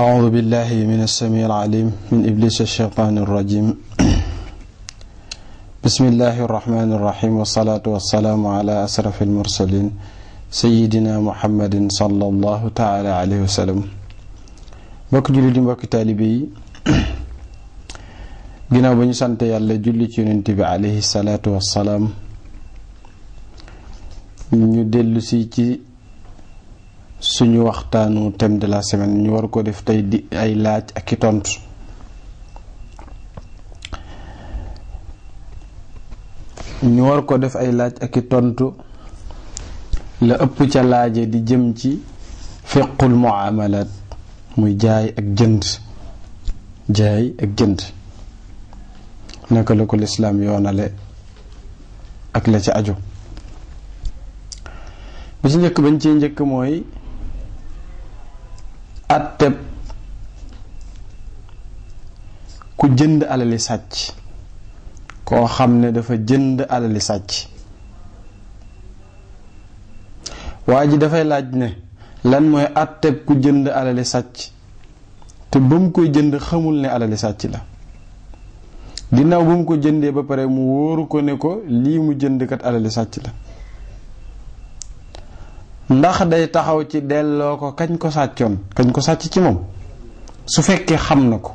أعوذ بالله من السميع العليم من إبليس الشيطان الرجيم بسم الله الرحمن الرحيم والصلاة والسلام على أسرف المرسلين سيدنا محمد صلى الله تعالى عليه وسلم mbokk julli di mbokk taalibe yi ginnaaw ba ñu sant yàlla julli ci yonent bi alayhi salaatu wassalaam ñu dellu si ci suñu waxtaanu thème de la semaine ñu war ko def tey di ay laaj ak tontu ñu war ko def ay laaj aki tontu la ëpp ca laaje di jëm ci fiqul muamalat muy jaay ak jënd jaay ak jënd naka la ko lislaam yoonale ak la ca aju bi ci njëkk bañ ci njëkk mooy atteb ku jënd alali sàcc koo xam ne dafa jënd alali sàcc waa ji dafay laaj ne lan mooy àtteeb ku jënd alali sàcc te ba mu koy jënd xamul ne alali sàcc la ginnaaw ba mu ko jëndee ba pare mu wóoru ko ne ko lii mu jënd kat alali sàcc la ndax day taxaw ci delloo ko kañ ko sàccoon kañ ko sàcc ci moom su fekkee xam na ko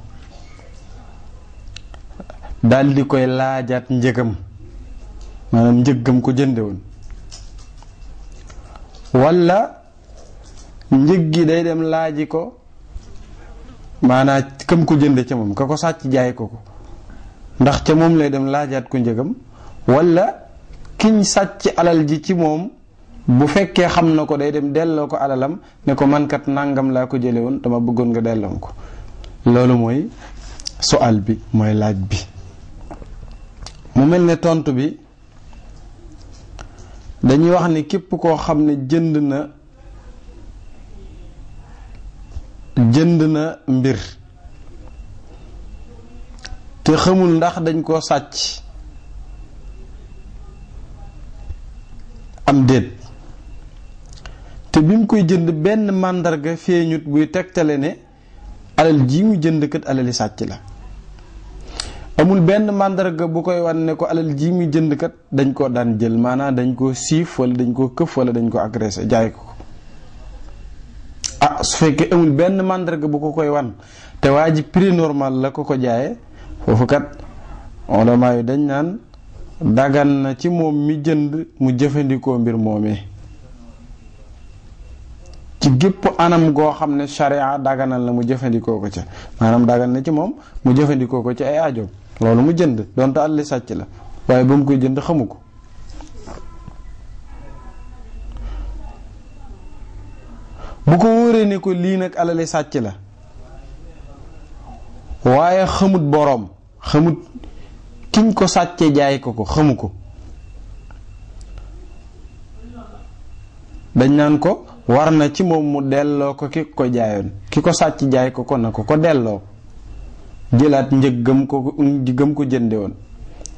daldi koy laajaat njëgam maanaam njëgam ko jënde woon walla njëg gi day dem laaji ko maanaa kam ko jënde ca moom ka ko sàcc jaay ko ko ndax ca moom lay dem laajaat ko njëgam walla kiñ sàcc alal ji ci moom bu fekkee xam na ko day dem delloo ko alalam ne ko mankat nangam laa ko jële woon dama bëggoon nga delloo ko loolu mooy soal bi mooy laaj bi mu mel ne tontu bi dañuy wax ni képp koo xam ne jënd na jënd na mbir te xamul ndax dañ koo sàcc am déet te bim koy jënd benn màndarga feeñut buy tegtale ne alal ji mu jënd kat alali sàcc la amul benn màndarga bu koy wan ne ko alal ji mu jënd kat dañ ko daan jël maanaam dañ ko siif wala dañ ko këf wala dañ ko agressé jaay ko ah su fekkee amul benn màndarga bu ko koy wan te waa prix normal la ko ko jaaye foofu kat olamaa dañ naan dagan na ci moom mi jënd mu jëfandikoo mbir moomee gépp anam goo xam ne sharia daganal la mu jëfandikoo ko ca maanaam dagan na ci moom mu jëfandikoo ko ci ay ajoom loolu mu jënd dont àlli sàcc la waaye ba koy jënd xamu ko bu ko wóoree ne lii nag alali sàcc la waaye xamut boroom xamut kiñ ko sàccee jaay ko ko xamu ko dañ nan ko warna ci mom mu dello ko ki ko jaayoon ki ko sàcc jaay ko ko na ko dello jilat jëlaat ko njëggam ko jende won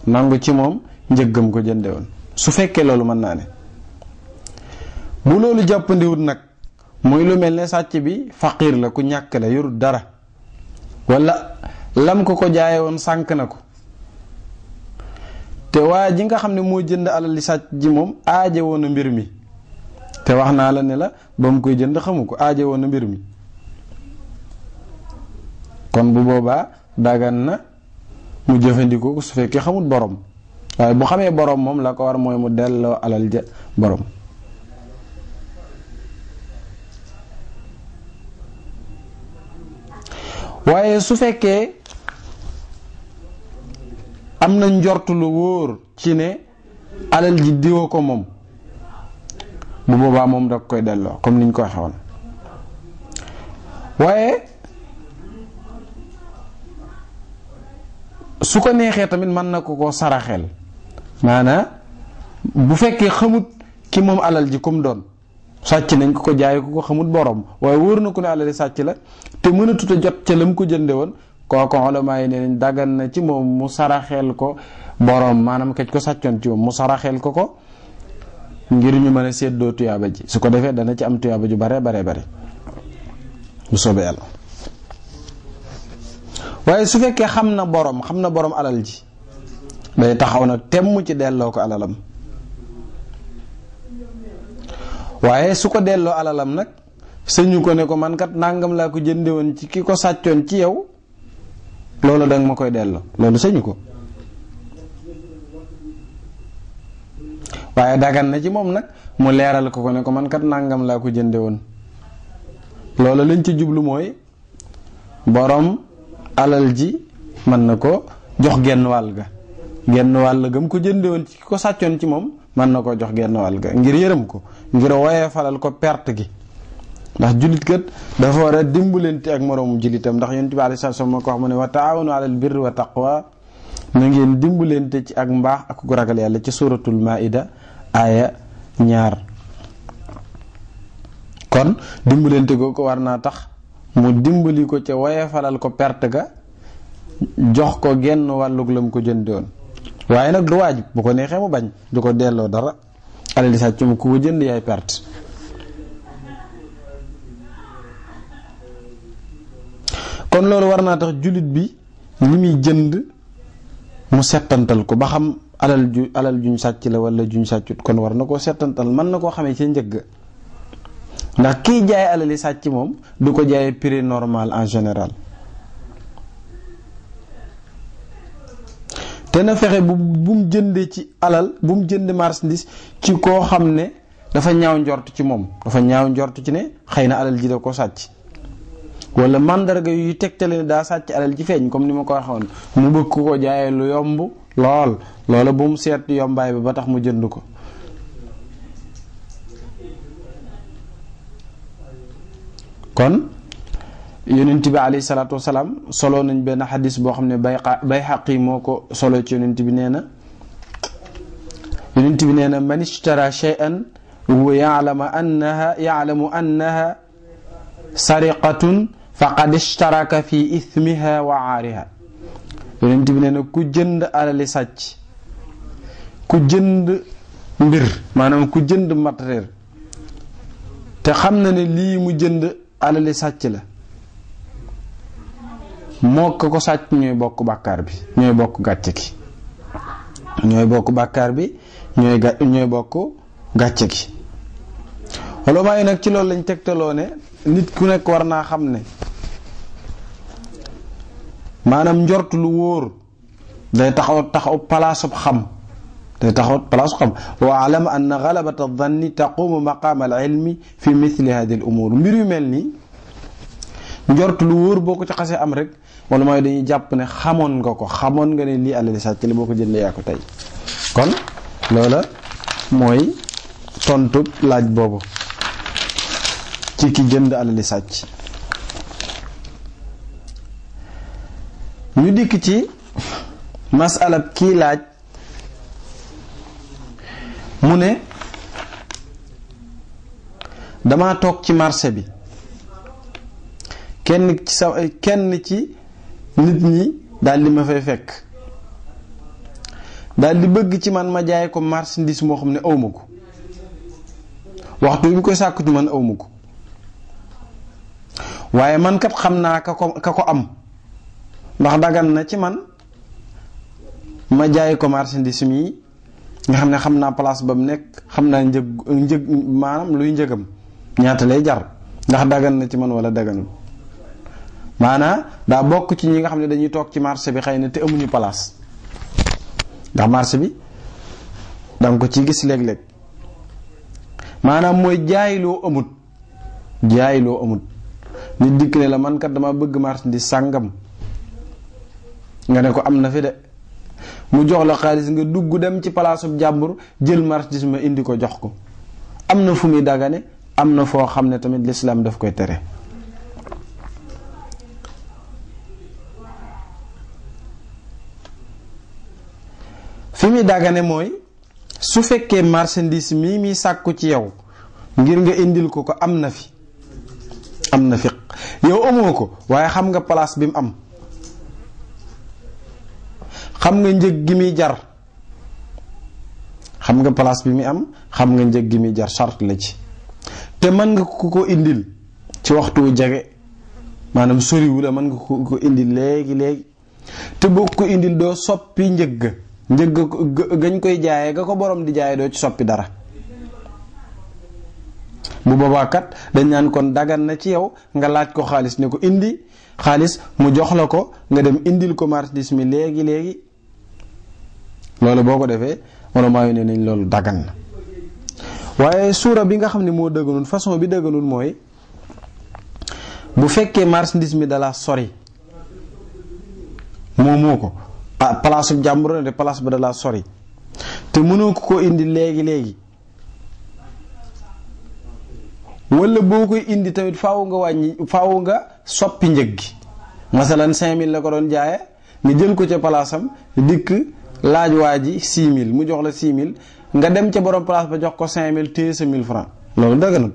nangu ci mom njëggam ko jende won su fekke lolou man nané bu lolou jappandi wut nak moy lu melne bi faqir la ku ñak la yur dara wala lam ko ko jaay won sank nako te waaji nga xamne mo jënd alal li ji mom aaje mbir te wax naa la ne la ba mu koy jënd xamu ko aaje woon na mbir mi kon bu boobaa daggan na mu jëfandikoo ko su fekkee xamul boroom waaye bu xamee boroom moom la ko war mooy mu delloo alal ja borom waaye su fekkee am na njort lu wóor ci ne alal ji diwa ko moom bu boobaa moom da koy delloo comme niñ ko xewal waaye su ko neexee tamit mën na ko koo saraxeel maanaa bu fekkee xamut ki moom alal ji comme doon sàcc nañ ko ko jaay ko ko xamut borom waaye wóor na ko ne alali sàcc la te mënatut jot ca la mu ko jënde woon kooko ulamaa yi ne nañ daggan na ci moom mu saraxeel ko boroom maanaam kaj ko sàccoon ci moom mu saraxeel ko ko ngir ñu mën a séddoo tuyaaba ji su ko defee dana ci am tuyaaba ju bare bare bare bu soobee yàlla waaye su fekkee xam na boroom xam na borom alal ji day taxaw nag temm ci delloo ko alalam waaye su ko delloo alalam nag sëñu ko ne ko man kat nangam laa ko jënde woon ci ki ko sàccoon ci yow loolu danga ma koy delloo loolu sëñu ko waye dagan na ci mom nak mu leeral ko ko ne ko man kat nangam la ko jënde won lolo lañ ci jublu moy borom alal ji man nako jox genn wal ga genn wal ga ko jënde won ci ko sàccoon ci mom man nako ko jox genn wal ga ngir yeeram ko ngir waye falal ko perte gi ndax julit kat dafa wara dimbulenti ak morom julitam ndax yonent bi alayhi ko wax mo ne wa ta'awunu alal birri wa taqwa na ngeen dimbulenti ci ak mbax ak ku ragal yalla ci suratul maida aya ñaar kon dimbulenté ko ko war tax mu dimbali ko ci waye falal ko perte ga jox ko genn waluk lam ko jëndoon waye nak du wajib bu ko nexé mu bañ du ko délo dara alal sa ci mu ko jënd yaay perte kon lolu warnatah tax julit bi li jënd mu sétantal ko ba xam alal ju alal juñ sàcc la wala juñ sàccut kon war na koo seetantal mën na koo xamee ci njëgg ndax kiy jaay alali sàcc moom du ko jaayee prix normal en général te na fexe bu bu mu ci alal bu mu jënd marchandise ci koo xam ne dafa ñaaw njort ci moom dafa ñaaw njort ci ne xëy na alal ji da ko sàcc wala mandarga yu tegtale ne daa sàcc alal ci feeñ comme ni ma ko waxoon mu bëgg ku ko jaayee lu yomb lool loola bu mu seet yombaay bi ba tax mu jënd ko kon yonent bi alayhi salaatu wasalaam solo nañ benn xadis boo xam ne bay bay xaq yi moo ko solo ci yonent bi nee na yonent bi nee na man ishtara shay'an wa annaha ya'lamu annaha sariqatun faqad ishtaraka fi ithmiha wa aariha yonent bi nee ku jënd alali sàcc ku jënd mbir maanaam ku jënd matériel te xam na ne lii mu jënd alali sàcc la moo ko ko sàcc ñooy bokk bàkkaar bi ñooy bokk gàcce gi ñooy bokk bàkkaar bi ñooy ga gi olomaa waaye nag ci loolu lañ tegtaloo ne nit ku nekk war naa xam ne maanaam njort lu wóor day taxaw taxaw palaasu xam day taxaw palaasub xam wa alam anna galabata danni taqumu maqaama al ilmi fi mithli hadi al mbir yu mel nii njort lu wóor boo ko ci xasee am rek wala mooy dañuy jàpp ne xamoon nga ko xamoon nga ne lii àlali sàcc la boo ko jëndee yaa ko tey kon loola mooy tontu laaj boobu ci ki jënd àlali sàcc ñu dikk ci masalab kii laaj mu ne dama toog ci marché bi kenn ci sa kenn ci nit ñi daldi ma fay fekk daldi bëgg ci man ma jaay ko marchandise moo xam ne awma ko waxtu bi ko sàkku ci man awma ko waaye man kat xam naa ka ko ka ko am ndax dagan na ci man ma jaay ko marchandise mi nga xamne xamna place bam nek xamna xam naa manam luy njëgam ñaata lay jar ndax dagan na ci man wala daganul mana da bok ci ñi nga xamne dañuy tok ci marché bi xeyna te amuñu place ndax marché bi dang ko ci gis leg leg maanaam moy jaay lo amut jaay lo amut nit dikk ne la man kat dama bëgg di sangam nga ne ko am na fi de mu jox la xaalis nga dugg dem ci palaasub jàmbur jël marchandise ma indi ko jox ko am na fu muy dagane am na foo xam ne tamit lislaam daf koy tere fi muy daggane mooy su fekkee marchandise mii muy sàkku ci yow ngir nga indil ko ko am na fi am na fi yow amoo ko waaye xam nga palaas bi mu am xam nga njëg gi muy jar xam nga place bi muy am xam nga njëg gi muy jar charte la ci te man nga ko indil ci waxtu jage maanaam wu la man nga ko indil léegi léegi te boo indil doo soppi njeg njëgg gañ koy jaaye ga ko borom di jaaye doo ci soppi dara bu boobaa kat dañ naan kon dagan na ci yow nga laaj ko xaalis ne ko indi xaalis mu jox la ko nga dem indil ko marchandise mi léegi léegi Lalu boko defé defee oromaa ne nañ loolu dagan na waaye ni bi nga xamni mo deugulun façon bi deugulun moy bu fekkee marchandise mi dala sori moomoo ko place bu jàmbur de place ba dala sori te mënoo ko ko indi legi legi wala boo indi tamit faaw nga wañi faaw nga soppi masalan 5000 la ko don jaaye ni jël ko place am dik laaj waa ji 6000 mu jox la 6000 nga dem ca borom place ba jox ko 5000 téye sa 1000 francs loolu dëgganul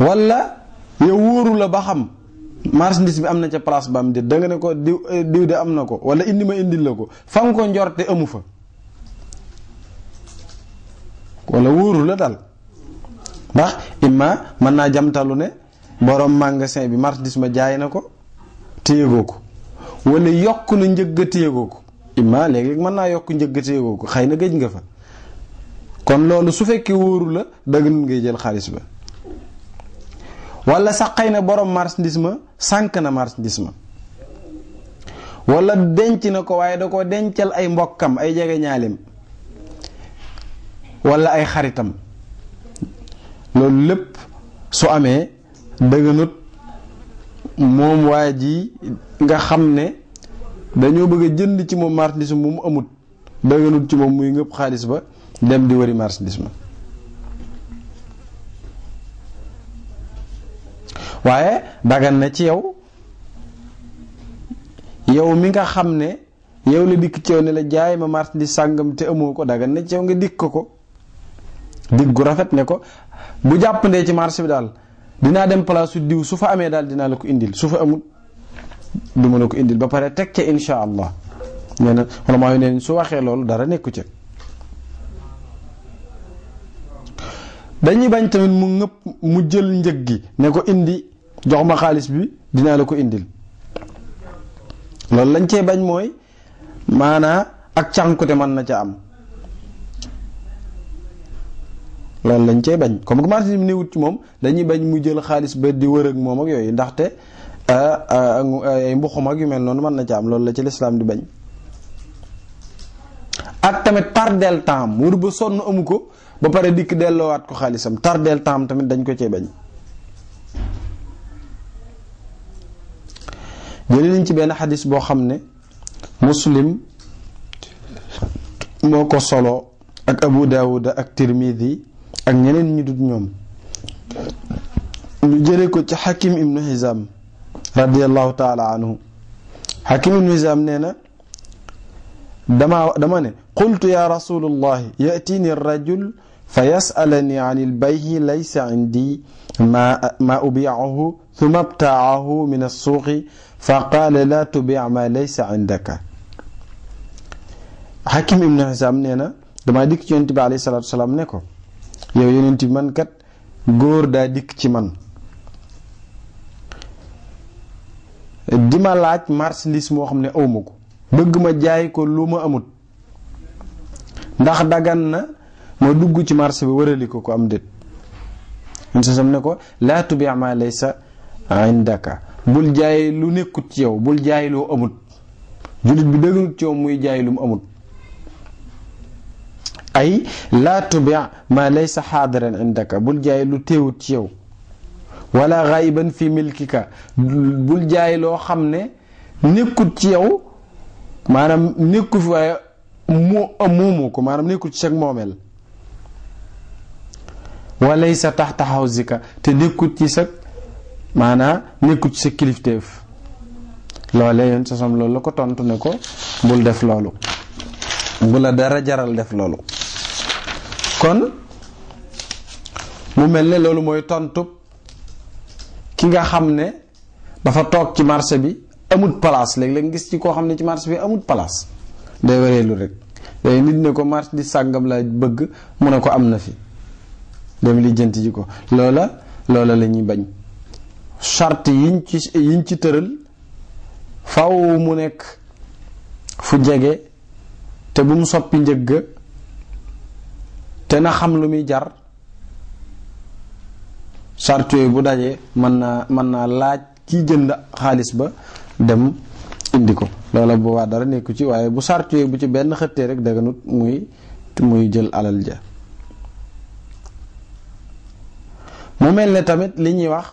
wala yow wóoru la ba xam marchandise bi am na ca place ba am déet da ne ko diw eh, diw de am na ko wala indi ma indi la ko fa nga ko njorte amu fa walla wóoru la dal ndax imma mën naa jamtalu ne borom magasin bi marchandise ma jaay na ko téye ko. wala yokk na njëggateegoo ko imma léegi mën naa yokk njëggateegoo ko xëy na gëj nga fa kon loolu su fekkee wóoru la danga ngay jël xaalis ba wala sax xëy na borom marchandise ma sànq na marchandise ma wala denc na ko waaye da ko dencal ay mbokkam ay jege ñaaleem wala ay xaritam loolu lépp su amee dëgënut moom waa ji nga xam ne dañoo bëgg a jënd ci moom marchandise mu mu amut daganut ci moom muy ngëpp xaalis ba dem di wari marchandise ma waaye dagan na ci yow yow mi nga xam ne yow la dikk ci yow ne la jaay ma marchandise sàngam te amoo ko dagan na ci yow nga dikk ko dig gu rafet ne ko bu jàppandee ci marché bi daal dinaa dem place su diw su fa amee daal dinaa la ko indil su fa amul du mën a ko indil ba pare teg ca insha allah nee na ulamaa yu neen su waxee loolu dara nekku ca dañuy bañ tamit mu ngëpp mu jël njëg gi ne ko indi jox ma xaalis bi dinaa la ko indil loolu lañ cee bañ mooy maanaa ak cànkute man na ca am loolu lañ cee bañ comme que marché bi néewut ci moom dañuy bañ mu jël xaalis ba di wër ak moom ak yooyu ndaxte ay ah, ah, ah, mbuxum ak yu mel noonu mën na ci am loolu la ci lislaam di bañ ak tamit tardeel temps muur ba sonn amu ko ba pare dikk delloowaat ko xaalisam tardeel temps tamit dañ ko cee bañ jëli nañ ci benn xadis boo xam ne muslim moo ko solo ak abu daawuda ak tirmidi ak ñeneen ñu dut ñoom ñu jële ko ci xakim ibnu hizam radiallahu taala anhu xakim ibnu hisaam nee na dama dama ne qultu ya rasulullahi yatini rajul fa yasalani an ilbayhi laysa indi ma ma ubiahu thumma btaahu min alsuuqi fa qaala la tubic ma laysa indaka xakim ibnu hisaam nee na damaa dikk ci yonent bi alayhi salaatu wasalaam ne ko yow yonent bi man kat góor daa dikk ci man di ma laaj marchandise moo xam ne awma ko bëgg ma jaay ko lu ma amut ndax daggan na ma dugg ci marché bi wërali ko ko am déet sasam ne ko laa tubi ma laysa indaka bul jaay lu nekkut ci yow bul jaay loo amut jullit bi dëgërut ci yow muy jaay lu mu amut ay laa tubi ma laysa xaadiran indaka bul jaay lu teewut ci yow wala xayban fi milkika bul jaay loo xam ne nekkut ci yow maanaam nekku fi waaye nekkut ci sag moomeel walay sa tax taxaw zika te nekkut ci sag maanaa nekkut ci sa kilifteef loolee yoon sasam loolu la ko tontu ne ko bul def loolu bu la dara jaral def loolu kon mu mel ne loolu mooy tontub li nga xam ne dafa toog ci marché bi amut place léeg-léeg gis ci koo xam ne ci marché bi amut place day wareelu rek day nit ne ko marché di sàngam la bëgg mu ne ko am na fi dem lijjanti ji ko loola loola la ñuy bañ charte yiñ ci yiñ ci tëral faw mu nekk fu jege te bu mu soppi njëgg te na xam lu muy jar sart yooyu bu dajee mën naa mën naa laaj ki jënd xaalis ba dem indi ko loola boobaa dara nekku ci waaye bu sart bu ci benn xëttee rek daganut muy muy jël alal ja mu mel ne tamit li ñuy wax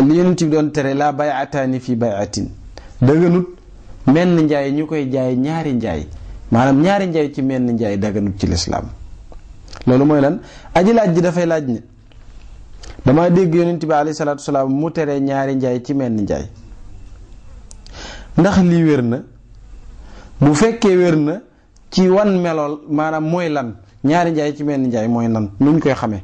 li yonent bi doon tere laa bayataani fi bayatin daganut menn njaay ñu koy jaay ñaari njaay maanaam ñaari njaay ci menn njaay daganut ci lislaam loolu mooy lan aji laaj ji dafay laaj ne dama dégg yonent bi alayhi salaatu salaam mu tere ñaari njaay ci menn njaay ndax lii wér na bu fekkee wér na ci wan melool maanaam mooy lan ñaari njaay ci menn njaay mooy nan nuñ koy xame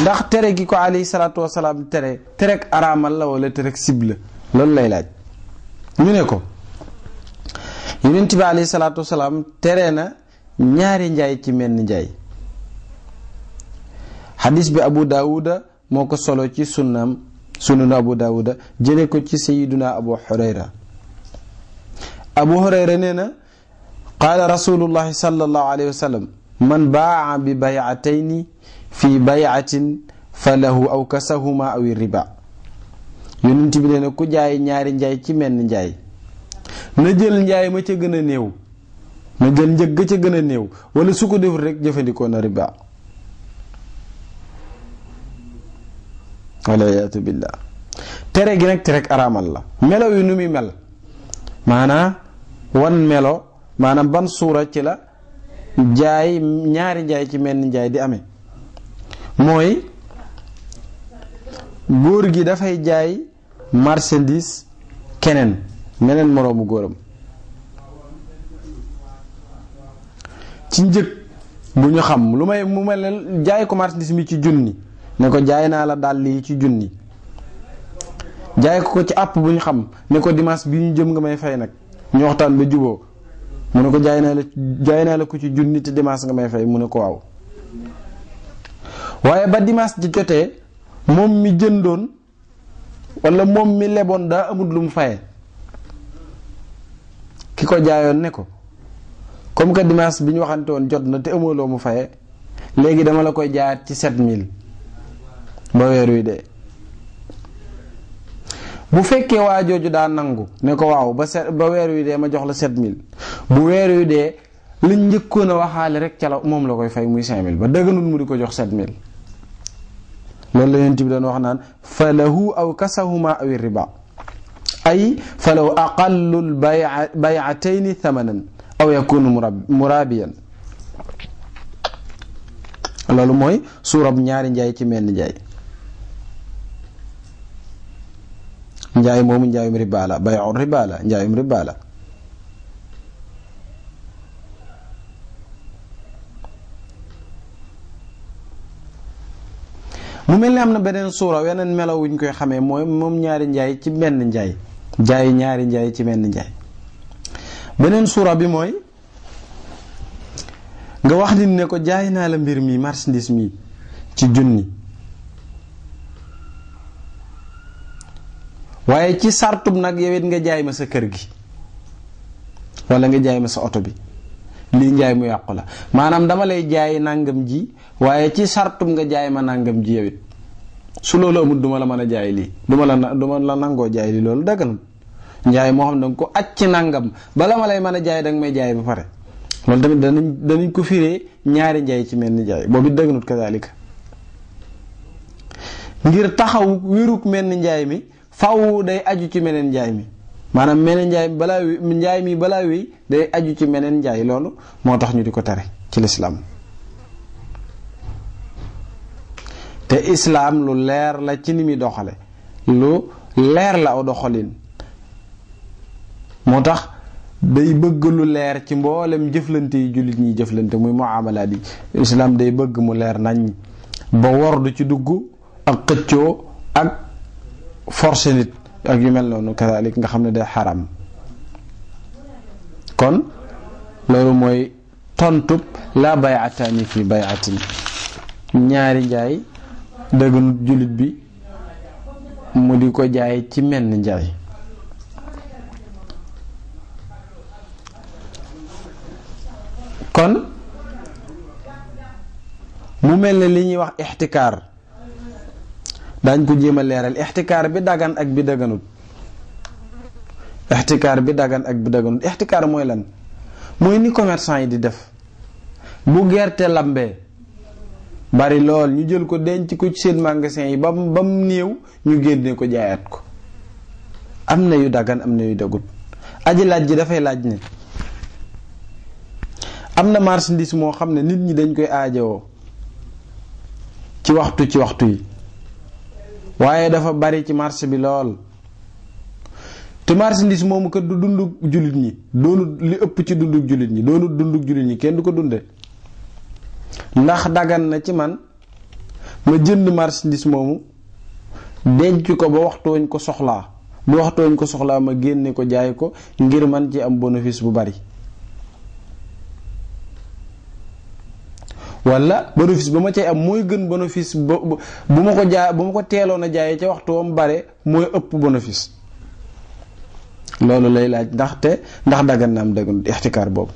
ndax tere gi ko alayhi salaatu wasalaam tere terek araamal la wala terek sib la loolu lay laaj ñu ne ko yonent bi alayhi salaatu wasalaam tere na ñaari njaay ci menn njaay xadis bi abu daawuda moo ko solo ci sunnaam sunanu abu daawuda jële ko ci sayiduna abu xurayra abu xurayra nee na qaala rasulullahi sallallahu man baaca bi baycatayni fi baycatin aw kasahuma aw riba yonent bi nee na ku jaay ñaari njaay ci menn njaay na jël njaay ma ca gën a néew na jël njëg ga ca gën a néew wala su ko deful rek jëfandikoo a riba wala tere gi nag tere araamal la melo yu nu muy mel maanaam wan melo maanaam ban suura ci la jaay ñaari njaay ci menn njaay di ame mooy góor gi dafay jaay marchandise keneen meneen moroomu góoram ci njëkk bu ñu xam lu may mu mel ne jaay ko marchandise mi ci junni ne ko jaay naa la dàll yi ci junni jaay ko ko ci àpp bu ñu xam ne ko dimanche bi ñu jëm nga may fay nag ñu waxtaan ba juboo mu ne ko jaay naa la jaay naa la ko ci junni te dimanche nga may fay mu ne ko aw waaye ba dimanche ji jotee moom mi jëndoon walla moom mi leboon daa amut lu mu faye ki ko jaayoon ne ko comme que dimanche bi ñu waxante woon jot na te amoo mu faye léegi dama la koy jaayaat ci set 7000. ba weer wi dee bu fekkee waa jooju daa nangu ne ko waaw ba ba weer wi de ma jox la sept mille bu weer wi dee lañ njëkkoon a waxaale rek ca moom la koy fay muy cinq mille ba dëgganul mu di ko jox set mille loolu la yonent bi doon wax naan fa aw kasahuma aw riba ay fa law aqallul bayatayni thamanan aw yakunu murabiyan loolu mooy suurab ñaari njaay ci menn njaay njaay moomu njaayum riba la bayu riba la njaayum riba la mu melni amna benen sura beneen melaw wuñ koy xamé moy mom ñaari njaay ci benn njaay njaay ñaari njaay ci benn njaay benen sura bi moy nga wax ni ne ko jaay na la mbir mi marchandise mi ci jooni waaye ci sartum nag yow nga jaay ma sa kër gi wala nga jaay ma sa oto bi lii njaay mu yàqu la maanaam dama lay jaay nàngam ji waaye ci sartum nga jaay ma nàngam ji yow su loolu amul duma la mën a jaay lii duma la duma la nangoo jaay lii loolu daganul njaay moo xam danga ko aj ci nàngam bala ma lay mën a jaay danga may jaay ba pare loolu tamit danañ danañ ko firee ñaari njaay ci mel ni jaay boobu it daganut kadaalika ngir taxaw wérug mel njaay mi faw day aju ci meneen njaay mi maanaam meneen njaay mi balaa wéy njaay mi balaa wéy day aju ci meneen njaay loolu moo tax ñu di ko tere ci lislaam te islaam lu leer la ci ni muy doxale lu leer la aw doxalin moo tax day bëgg lu leer ci mboolem jëflante yi jullit ñi jëflante muy muamalaat yi islaam day bëgg mu leer nañ ba wor du ci dugg ak xëccoo ak forcé nit ak yu mel noonu kazaalik nga xam ne day xaram kon loolu mooy tontub laa bayataani fi bayatin ñaari njaay dëgganut jullit bi mu di ko jaay ci menn njaay kon mu mel ne li ñuy wax ixtikaar dañ ko jema leral ihtikar bi dagan ak bi daganut ihtikar bi dagan ak bi daganut ihtikar moy lan moy ni commerçant yi di def bu gerte lambe bari lol ñu jël ko denc ko ci seen magasin yi bam bam mu ñu gënné ko jaayat ko amna yu dagan amna yu dagut aji laaj ji fay laaj ni amna marchandise mo nit ñi dañ koy aajo ci waxtu ci waxtu yi waaye dafa bari ci marché bi lool te marchandise moomu kat du dund jullit ñi doonut li ëpp ci dund jullit ñi doonut dund jullit ñi kenn du ko dunde ndax daggan na ci man ma jënd marchandise moomu denc ko ba waxtooñ ko soxlaa bu waxtooñ ko soxlaa ma génne ko jaay ko ngir man ci am bénéfice bu bari walla bénéfice ba ma cay am mooy gën bénéfice ba bu ma ko jaa bu ma ko teeloon a jaayee ca waxtu wam bare mooy ëpp bénéfice loolu lay laaj ndaxte ndax daggan na am daggan ixtikaar boobu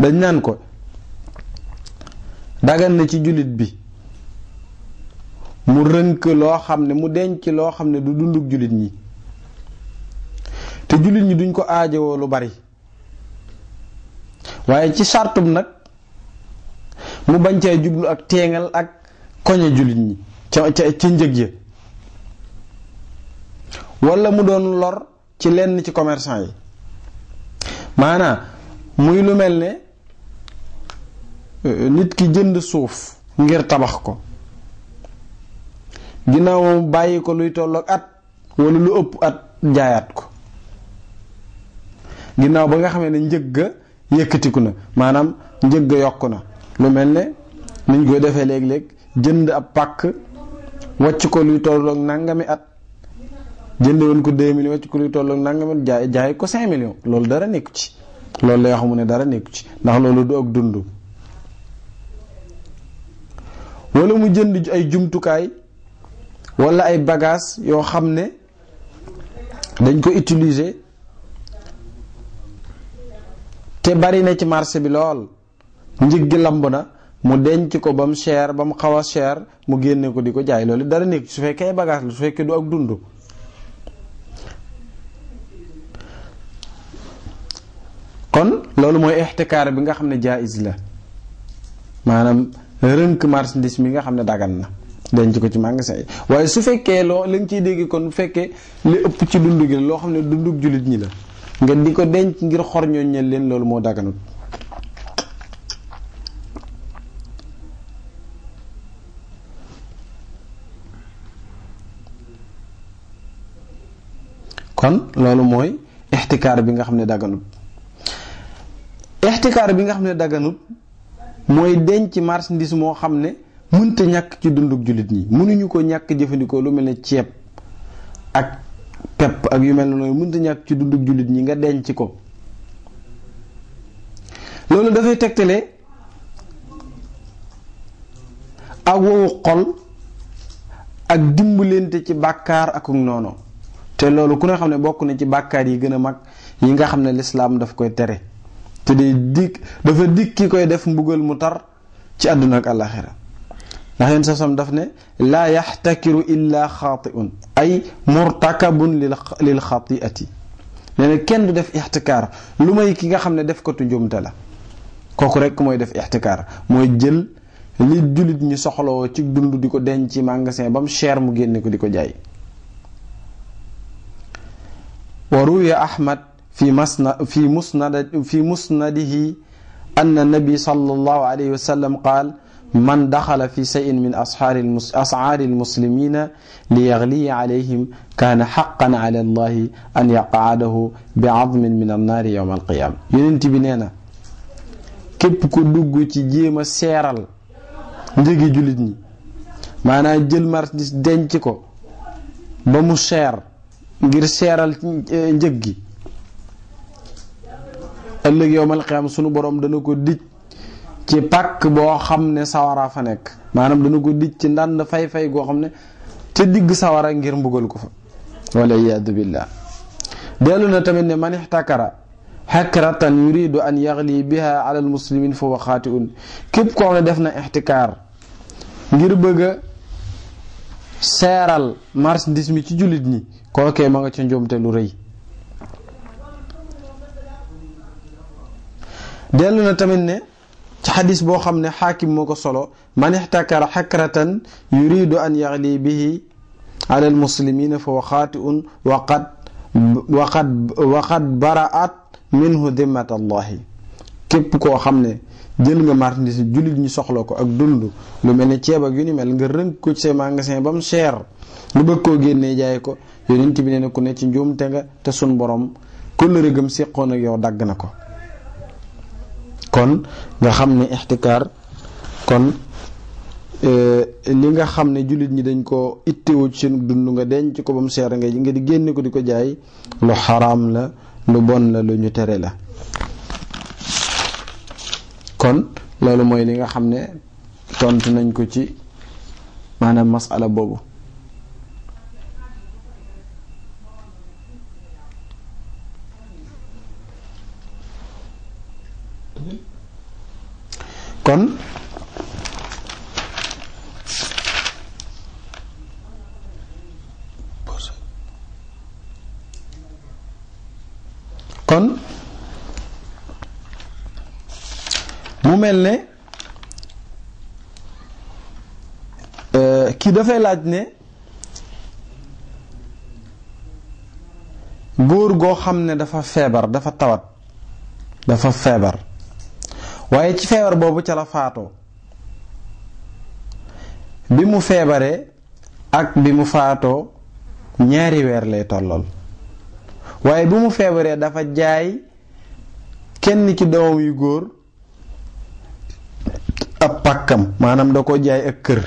dañ naan ko daggan na ci jullit bi mu rënk loo xam ne mu denc loo xam ne du dunduk jullit ñi te jullit ñi duñ ko aajowoo lu bari waaye ci sartum nag mu bañ caa jublu ak téngal ak koñe julit ñi ci ci ca ya. wala mu doon lor ci lenn ci commerçant yi maanaa muy lu mel ne euh, nit ki jënd suuf ngir tabax ko ginnaaw bàyyi ko luy tolloog at wala lu ëpp at jaayaat ko ginnaaw ba nga xamee ne njëgga yëkkatiku na maanaam yokku na lu mel ne niñ koy defee léeg-léeg jënd ab pàkk wàcc ko luy tolloog mi at jënd woon ko 2 millions wàcc ko luy tolloog nangami at jaay jaay ko 5 millions loolu dara nekku ci loolu lay mu ne dara nekku ci ndax loolu du ak dund wala mu jënd ay jumtukaay walla ay bagages yoo xam ne dañ ko utiliser te bari na ci marché bi lool njig gi lamb na mu denc ko bam cher bam xawa cher mu génne ko di ko jaay loolu dara nekk su fekkee bagage la su fekkee du ak dund kon loolu mooy ixtikaar bi nga xam ne jaayis la maanaam rënk marchandise mi nga xam ne dagan na denc ko ci magasin yi waaye su fekkee loo li ciy dégg kon bu fekkee li ëpp ci dund gi la loo xam ne dundug jullit ñi la nga di ko denc ngir ñel leen loolu moo daganut kon loolu mooy ixtikaar bi nga xam ne daganut ixtikaar bi nga xam ne daganut mooy denc marchandise moo xam ne mënta ñàkk ci dunduk jullit ñi mënuñu ko ñàkk jëfandikoo lu mel ne ceeb ak pepp ak yu mel ne noonu mënta ñàkk ci dundu jullit ñi nga denc ko loolu dafay tegtale ak wowu xol ak dimbalante ci bàkkaar akuk noonu te loolu ku ne xam ne bokk na ci bàkkaar yi gën a mag yi nga xam ne lislaam daf koy tere te day dikk dafa dikk ki koy def mbugal mu tar ci àdduna ak àllaaxira ndax yéen sa sam daf ne laa yaxtakiru illa xaatiun ay murtakabun lil lil ati nee na kenn du def ixtikaar lu may ki nga xam ne def ko tu njuumte la kooku rek mooy def ixtikaar mooy jël li jullit ñu soxlawoo ci dund di ko denc ci magasin ba mu cher mu génne ko di ko jaay وروي أحمد في مسن في مسند في مسنده أن النبي صلى الله عليه وسلم قال من دخل في شيء من أسعار أسعار المسلمين ليغلي عليهم كان حقا على الله أن يقعده بعظم من النار يوم القيامة ينتي بنينا képp ku dugg ci jéem a seeral njëgi jullit ñi maanaam jël بمو سير ngir seeral e, njëg gi ëllëg yowmal xiyaam sunu boroom dana ko dij ci pàkk boo xam ne sawara fa nekk maanaam dana ko dij ci ndànd fay-fay goo xam ne te digg sawara ngir mbugal ko fa wala iyaadu billah dellu na tamit ne man ixtakara xakratan yuridu an yaxli biha ala almuslimin fa waxaati un képp ko xam ne def na ixtikaar ngir bëgg a seeral marchandise mi ci jullit ñi kookee ma nga ca njuumte lu rëy dellu na tamit ne ci xadis boo xam ne xaakim moo ko solo man ixtakara xakratan yuridu an yaxli bihi ala almuslimina fa wa xaatiun waqad waqad waqad baraat minhu dimmat képp koo xam ne jël nga marchandise jullit ñu soxla ko ak dund lu mel ne ceeb ak yu ni mel nga rënk ko ci say magasin ba mu cher nga bëgg koo génnee jaay ko yonent bi nee na ku ne ci te nga te sun borom kóllëre gam séqoon ak yow dagg na ko kon nga xam ne ixtikaar kon e, li nga xam ne jullit ñi dañ ko ittewoo ci seen dund nga denc ko ba mu seer a nga ji nga di génne ko di ko jaay lu xaraam la lu bon la lu ñu tere la kon loolu mooy li nga xam ne tontu nañ ko ci maanaam masala boobu kon mu mel ne euh, kii dafay laaj ne góor goo xam ne dafa feebar dafa tawat dafa feebar waaye ci feebar boobu ca la faatoo bi mu feebaree ak bi mu faatoo ñaari weer lay tollool waaye bi mu feebaree dafa jaay kenn ci doomam yu góor ab pàkkam maanaam da ko jaay ak kër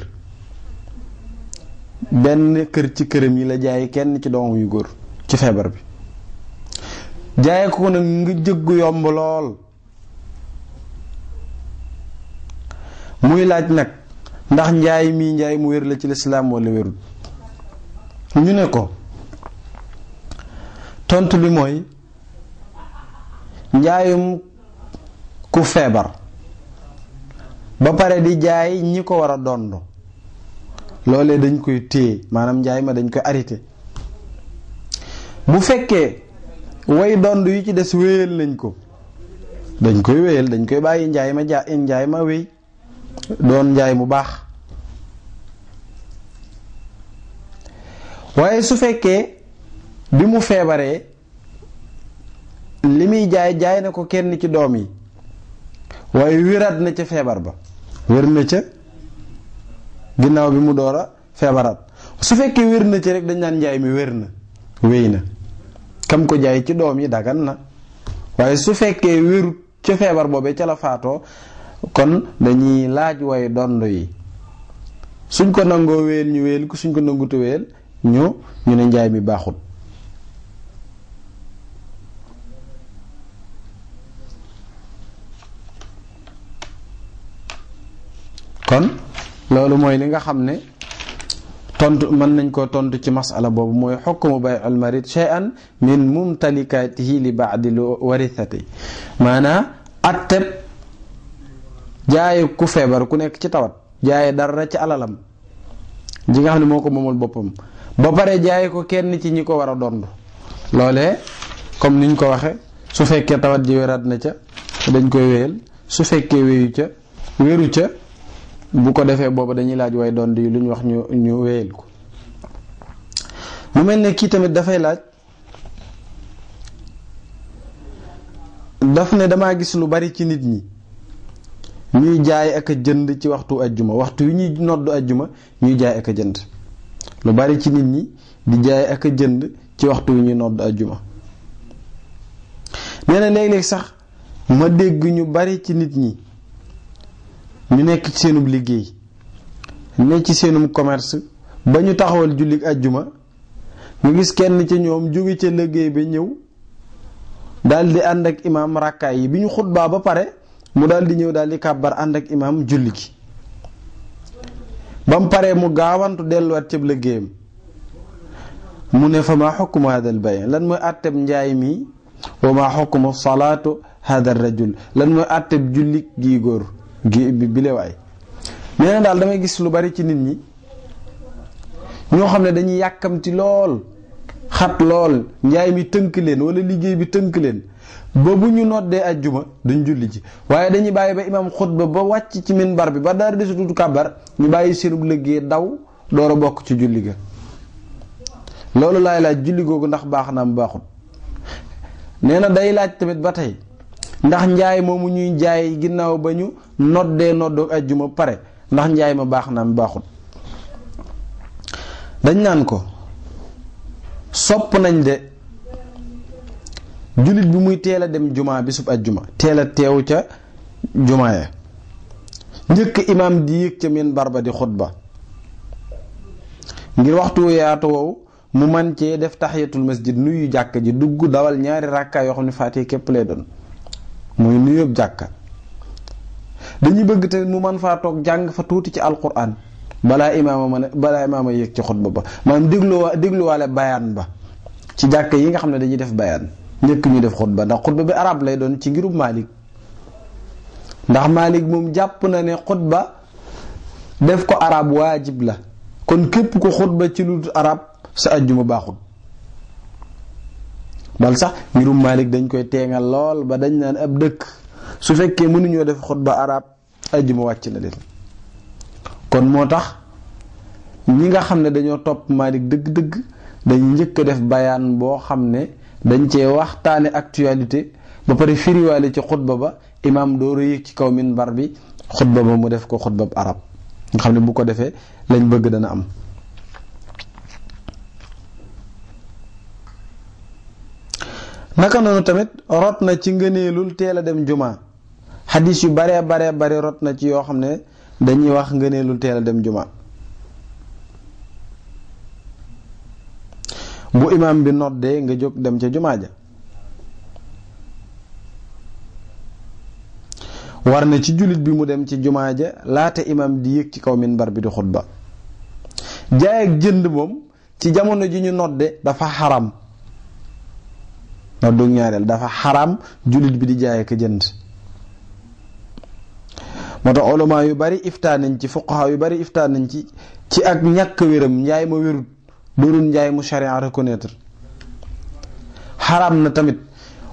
benn kër ci këram yi la jaay kenn ci doomam yu góor ci feebar bi jaay ko nag nga jëggu yomb lool muy laaj nag ndax njaay mii njaay mu wér la ci lislaam wala wérul ñu ne ko tontu bi mooy njaayum ku feebar ba pare di jaay ñi ko war a dond loole dañ koy téye maanaam njaay ma dañ koy arrêté bu fekkee way dond yu ci des wéyal nañ ko dañ koy wéyal dañ koy bàyyi njaay ma ja njaay ma wéy doon njaay mu baax waaye su fekkee bi mu feebaree li muy jaay jaay na ko kenn ci doom yi waaye wéraat na ca feebar ba wér na ca ginnaaw bi mu doora a feebaraat su fekkee wér na ci rek dañ njaay mi wér na wéy na kam ko jaay ci doom yi dagan na waaye su fekkee wérut ca feebar boobee ca la faatoo kon dañuy laaj way dond yi suñ ko nangoo wéel ñu wéel ku suñ ko nangutu wéel ñu ñu ne njaay mi baaxut kon loolu mooy li nga xam ne tontu mën nañ koo tontu ci masala boobu mooy xukmu bay al marid shay'an min mumtalikaatihi li baadi warithati maanaa atteb jaaye ku feebar ku nekk ci tawat jaaye dara ci alalam ji nga xam ne moo ko moomal boppam ba pare jaaye ko kenn ci ñi ko war a dond loolee comme niñ ko waxee su fekkee tawat ji wéraat na ca dañ koy wéyal su fekkee wéyu ca wéru ca bu ko defee booba dañuy laaj way dond yi lu ñu wax ñu ñu wéyal ko mu mel ne kii tamit dafay laaj daf ne damaa gis lu bari ci nit ñi ñuy jaay ak a jënd ci waxtu ajjuma waxtu yu ñuy nodd ajjuma ñuy jaay ak jënd lu bari ci nit ñi di jaay ak jënd ci waxtu yu ñuy nodd ajjuma nee na léeg-léeg sax ma dégg ñu bari ci nit ñi ñu nekk ci seenub liggéey ne ci seenum commerce ba ñu taxawal jullik ajjuma nga gis kenn ci ñoom jóge ca liggéey ba ñëw daldi ànd ak imaam ràkkaay yi bi ñu xutbaa ba pare mu daal di ñëw daal di kàbbar ànd ak imaam julli gi ba mu paree mu gaawantu delluwaat cëb liggéeyam mu ne fa maa xukmu hada bay lan mooy àtteb njaay mi wa maa xukmu salaatu hada rajul lan mooy àtteb julli gii góor bi lewaay nee na daal damay gis lu bari ci nit ñi ñoo xam ne dañuy yàkkamti lool xat lool njaay mi tënk leen wala liggéey bi tënk leen ba bu ñu noddee ajjuma duñ julli ci waaye dañuy bàyyi ba imam xutba ba wàcc ci bar bi ba dara desutu bar ñu bàyyi seenub liggéey daw door a bokk ci julli ga loolu laay laaj julli googu ndax baax na am baaxul nee na day laaj tamit ba tey ndax njaay moomu ñuy jaay ginnaaw ba ñu noddee noddoog ajjuma pare ndax njaay ma baax na am baaxul dañ naan ko sopp nañ de jullit bi muy teel a dem jumaa bisub ajjuma teel a teew ca jumaa ya njëkk imaam di yéeg ca minbar ba di xutba ngir waxtu yaatu wow mu man cee def taxiyatul masjid nuyu jàkk ji dugg dawal ñaari ràkkaa yoo xam ne faatee képp lay doon muy nuyoob jàkka dañuy bëgg te mu man faa toog jàng fa tuuti ci alquran balaa imaama man balaa imaama yéeg ci xutba ba maanaam dégluwa dégluwaale bayaan ba ci jàkk yi nga xam ne dañuy def bayaan njëkk ñu def xutba ndax xutba bi arab lay doon ci ngirub Malik ndax maalik moom jàpp na ne xutba def ko arab waajib la kon képp ko xutba ci lu arab sa ajjuma baaxul bal sax ngirum Malik dañ koy teengal lool ba dañ naan ab dëkk su fekkee mënuñoo def xutba arab ajjuma wàcc na leen kon moo tax ñi nga xam ne dañoo topp Malik dëgg-dëgg dañ njëkk a def bayaan boo xam ne dañ cee waxtaane actualité ba pare firiwaale ci xutba ba imaam door a ci kaw bar bi xutba ba mu def ko xutba bu arab nga xam ne bu ko defee lañ bëgg dana am naka noonu tamit rot na ci ngëneelul teel a dem juma xadis yu baree baree bari rot na ci yoo xam ne dañuy wax ngëneelul teel a dem jumaa bu imaam bi noddee nga jóg dem ca jumaa ja war na ci jullit bi mu dem ci jumaa ja laata imaam di yéeg ci kaw minbar bi di xutba jaay ak jënd moom ci jamono ji ñu nodde dafa xaram noddug ñaareel dafa xaram jullit bi di jaay ak jënd moo tax ulamaa yu bari iftaan ci fuqaha yu bari iftaan nañ ci ci ak ñàkk wéram njaay ma wérut doonul njaay mu charia reconnaître xaraam na tamit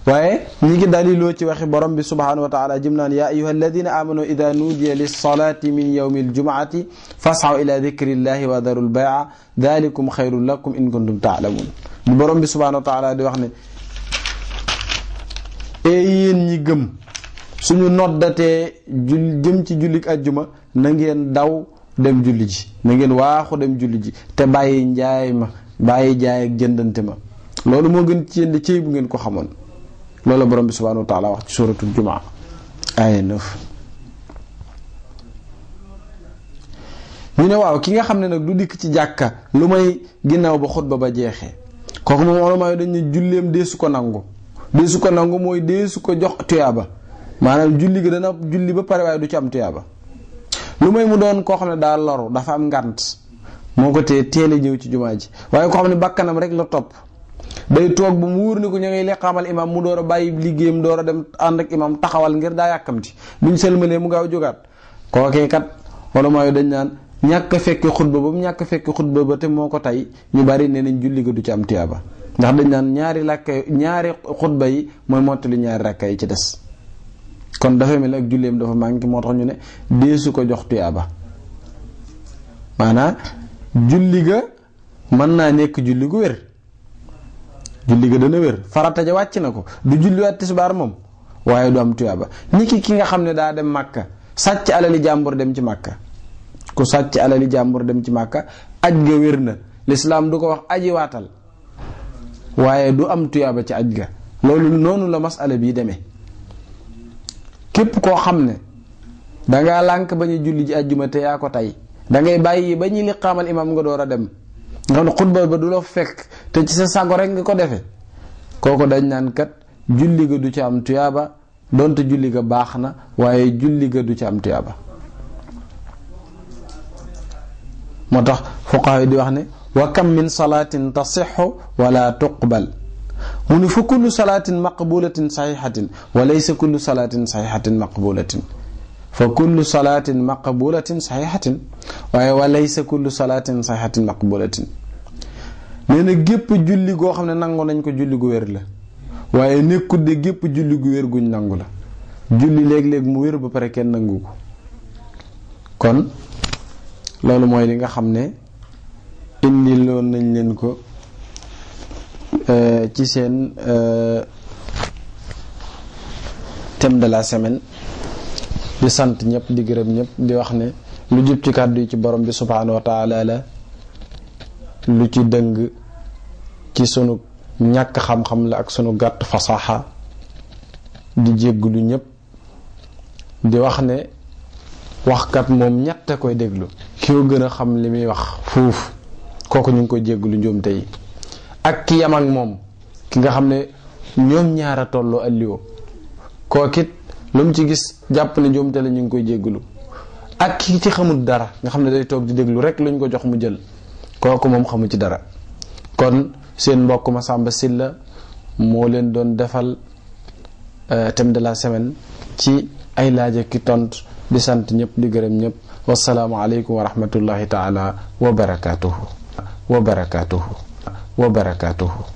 waaye ñi ngi daliloo ci waxi borom bi subhanahu wa taala jëm naan yaa ayuha alladina amanu ida nuudiya lilsalaati min yawmi aljumaati fasxaw ila dikrillahi wa daru bi subhanahu wa taala di wax ne ee yéen ñi gëm suñu noddatee jul ci jullik ajjuma na ngeen daw dem julli ji na ngeen waaxu dem julli ji te bàyyi njaay ma bàyyi jaay ak jëndante ma loolu moo gën ci yéen cey bu ngeen ko xamoon loolu borom bi subhanahu wa taala wax ci suratul jumaa aaya ne waaw ki nga xam ne nag du dikk ci jàkka lu may ginnaaw ba xot ba ba jeexee kooku moom wala may dañ ne julleem deesu ko nangu deesu ko nangu mooy deesu ko jox tuyaaba maanaam julli gi dana julli ba pare waaye du ci am tuyaaba lu may mu doon koo xam ne daa loru dafa am ngànt moo ko tee teel a ñëw ci jumaa ji waaye koo xam ne bàkkanam rek la topp day toog bu mu wóor ni ko ña ngay leqaamal imam mu door a bàyyi liggéeyam door a dem ànd ak imam taxawal ngir daa yàkkamti buñ sëlmalee mu gaaw jógaat kookee kat wala mooy dañ naan ñàkk fekki xutba ba mu ñàkk fekki xutba ba te moo ko tey ñu bari ne nañ julli ga du ci am tiyaaba ndax dañ naan ñaari làkk ñaari xutba yi mooy mottali ñaari rakka yi ci des kon dafa mel ak julleem dafa manqué moo tax ñu ne deesu ko jox tuyaaba maanaam julli ga mën naa nekk julli gu wér julli ga dana wér farata ja wàcc na ko du julliwaat tisbaar moom waaye du am tuyaaba niki ki nga xam ne daa dem màkka sàcc alali jàmbur dem ci màkka ku sàcc alali jàmbur dem ci màkka aj ga wér na lislaam du ko wax aji waatal waaye du am tuyaaba ci aj ga loolu noonu la masala bi demee képp koo xam ne da ngaa lànk ba ñu julli ji àjjuma te yaa ko tey da ngay bàyyi ba ñuy liqaamal imam nga door a dem nga xam ne xutba ba du la fekk te ci sa sago rek nga ko defe kooku dañ naan kat julli ga du ci am tuyaaba donte julli ga baax na waaye julli ga du ci am tuyaaba moo tax di wax ne wa kam min salatin tasixu wala tuqbal mu ne fa kullu salaatin maqbulatin saxiixatin wa laysa kullu salaatin saxiixatin maqbulatin fa kullu salaatin maqbulatin saxiixatin waaye wa laysa kullu salaatin saxiixatin maqbulatin nee na gépp julli goo xam ne nangu nañ ko julli gu wér la waaye nekkul de gépp julli gu wér guñ nangu la julli léeg-léeg mu wér ba pare kenn nangu ko kon loolu mooy li nga xam ne indiloon nañ leen ko Euh, ci seen euh, thème de la semaine di sant ñëpp di gërëm ñëpp di wax ne lu jub ci kàddu yi ci borom bi subhaanahu wa la lu ci dëng ci sunu ñàkk xam-xam la ak sunu gàtt fasaxa di lu ñëpp di wax ne waxkat moom ñett koy déglu ki ko gën a xam li muy wax fuuf kooku ñu ngi koy jégglu njuumte tey ak ki yam ak moom ki nga xam ne ñoom ñaara tolloo alliwo kookit lu mu ci gis jàpp ne njuumte la ñu ngi koy jéggalu ak ki ci xamul dara nga xam day toog di déglu rek luñ ko jox mu jël kooku moom xamu ci dara kon seen mbokk ma Samba Silla moo leen doon defal euh, thème de la semaine ci ay laaje ki tont di sant ñëpp di gërëm ñëpp wasalaamu wa rahmatullahi taala wa barakatuhu wa barakatuhu wabarakatuh